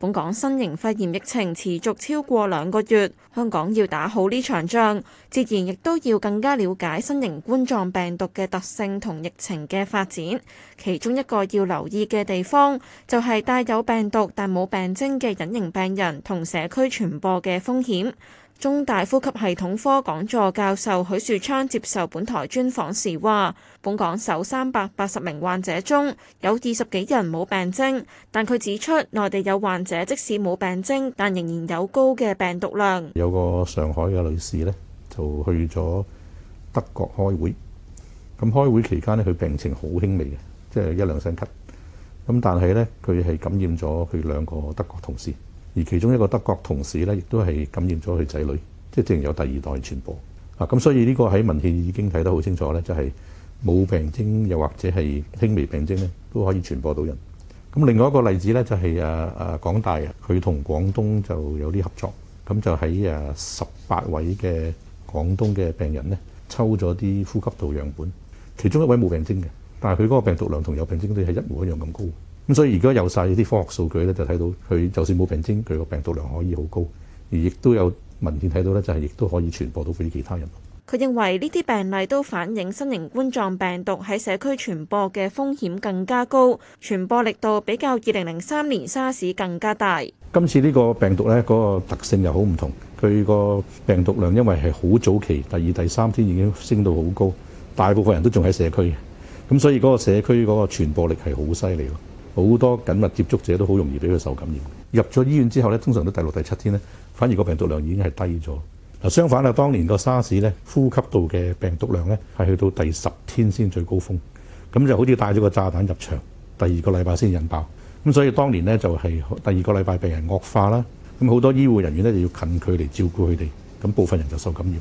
本港新型肺炎疫情持續超過兩個月，香港要打好呢場仗，自然亦都要更加了解新型冠狀病毒嘅特性同疫情嘅發展。其中一個要留意嘅地方，就係帶有病毒但冇病徵嘅隱形病人同社區傳播嘅風險。中大呼吸系統科講座教授許樹昌接受本台專訪時話，本港首三百八十名患者中有二十幾人冇病徵，但佢指出，內地有患者即使冇病徵，但仍然有高嘅病毒量。有個上海嘅女士咧，就去咗德國開會，咁開會期間咧，佢病情好輕微嘅，即係一兩聲咳，咁但係咧，佢係感染咗佢兩個德國同事。而其中一個德國同事咧，亦都係感染咗佢仔女，即係正有第二代傳播。啊，咁所以呢個喺文獻已經睇得好清楚咧，就係冇病徵又或者係輕微病徵咧，都可以傳播到人。咁另外一個例子咧，就係誒誒廣大啊，佢同廣東就有啲合作，咁就喺誒十八位嘅廣東嘅病人咧，抽咗啲呼吸道樣本，其中一位冇病徵嘅，但係佢嗰個病毒量同有病徵都係一模一樣咁高。咁所以而家有曬啲科學數據咧，就睇到佢就算冇病徵，佢個病毒量可以好高，而亦都有文件睇到咧，就係亦都可以傳播到俾其他人。佢認為呢啲病例都反映新型冠狀病毒喺社區傳播嘅風險更加高，傳播力度比較二零零三年沙士更加大。今次呢個病毒咧，嗰個特性又好唔同，佢個病毒量因為係好早期，第二第三天已經升到好高，大部分人都仲喺社區，咁所以嗰個社區嗰個傳播力係好犀利咯。好多緊密接觸者都好容易俾佢受感染。入咗醫院之後咧，通常都第六、第七天咧，反而個病毒量已經係低咗。嗱，相反啊，當年個沙士咧，呼吸道嘅病毒量咧，係去到第十天先最高峰。咁就好似帶咗個炸彈入場，第二個禮拜先引爆。咁所以當年咧就係第二個禮拜病人惡化啦。咁好多醫護人員咧就要近距離照顧佢哋，咁部分人就受感染。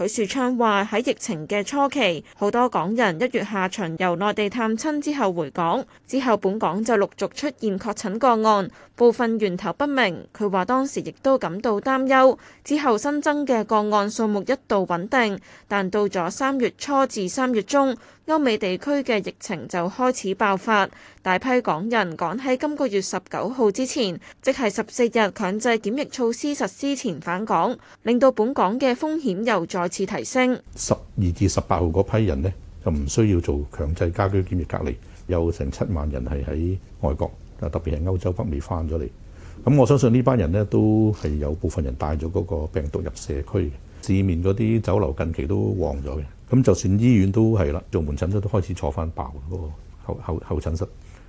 許樹昌話：喺疫情嘅初期，好多港人一月下旬由內地探親之後回港，之後本港就陸續出現確診個案，部分源頭不明。佢話當時亦都感到擔憂。之後新增嘅個案數目一度穩定，但到咗三月初至三月中，歐美地區嘅疫情就開始爆發，大批港人趕喺今個月十九號之前，即係十四日強制檢疫措施實施前返港，令到本港嘅風險又再次提升，十二至十八號嗰批人咧，就唔需要做強制家居檢疫隔離，有成七萬人係喺外國，特別係歐洲北美翻咗嚟。咁我相信呢班人咧都係有部分人帶咗嗰個病毒入社區嘅，市面嗰啲酒樓近期都旺咗嘅。咁就算醫院都係啦，做門診室都開始坐翻爆嗰、嗰個候候候診室。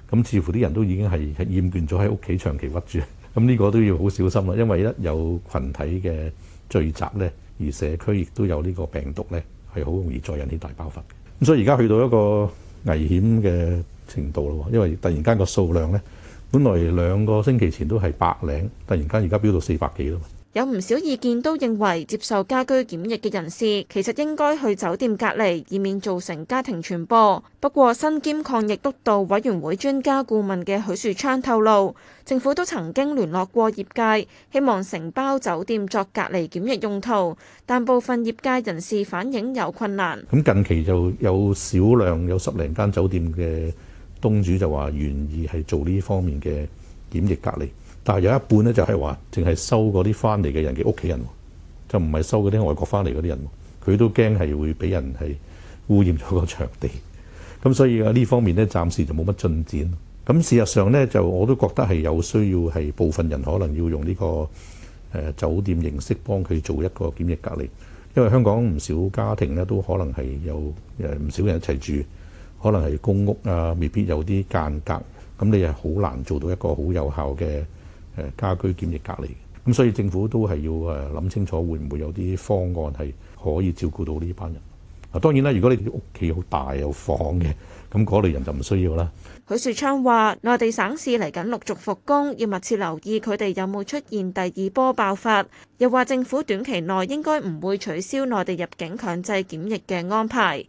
咁似乎啲人都已經係厭倦咗喺屋企長期屈住。咁呢個都要好小心啦，因為一有群體嘅聚集咧。而社區亦都有呢個病毒呢，係好容易再引起大爆發。咁所以而家去到一個危險嘅程度咯，因為突然間個數量呢，本來兩個星期前都係百零，突然間而家飆到四百幾啦。有唔少意見都認為，接受家居檢疫嘅人士其實應該去酒店隔離，以免造成家庭傳播。不過，身兼抗疫督導委員會專家顧問嘅許樹昌透露，政府都曾經聯絡過業界，希望承包酒店作隔離檢疫用途，但部分業界人士反映有困難。咁近期就有少量有十零間酒店嘅東主就話願意係做呢方面嘅檢疫隔離。但係有一半咧，就係話淨係收嗰啲返嚟嘅人嘅屋企人，就唔係收嗰啲外國返嚟嗰啲人。佢都驚係會俾人係污染咗個場地，咁所以啊呢方面咧，暫時就冇乜進展。咁事實上咧，就我都覺得係有需要係部分人可能要用呢個誒酒店形式幫佢做一個檢疫隔離，因為香港唔少家庭咧都可能係有誒唔少人一齊住，可能係公屋啊，未必有啲間隔，咁你係好難做到一個好有效嘅。誒家居檢疫隔離，咁所以政府都係要誒諗清楚會唔會有啲方案係可以照顧到呢班人。啊，當然啦，如果你哋屋企好大有房嘅，咁嗰類人就唔需要啦。許樹昌話：內地省市嚟緊陸續復工，要密切留意佢哋有冇出現第二波爆發。又話政府短期內應該唔會取消內地入境強制檢疫嘅安排。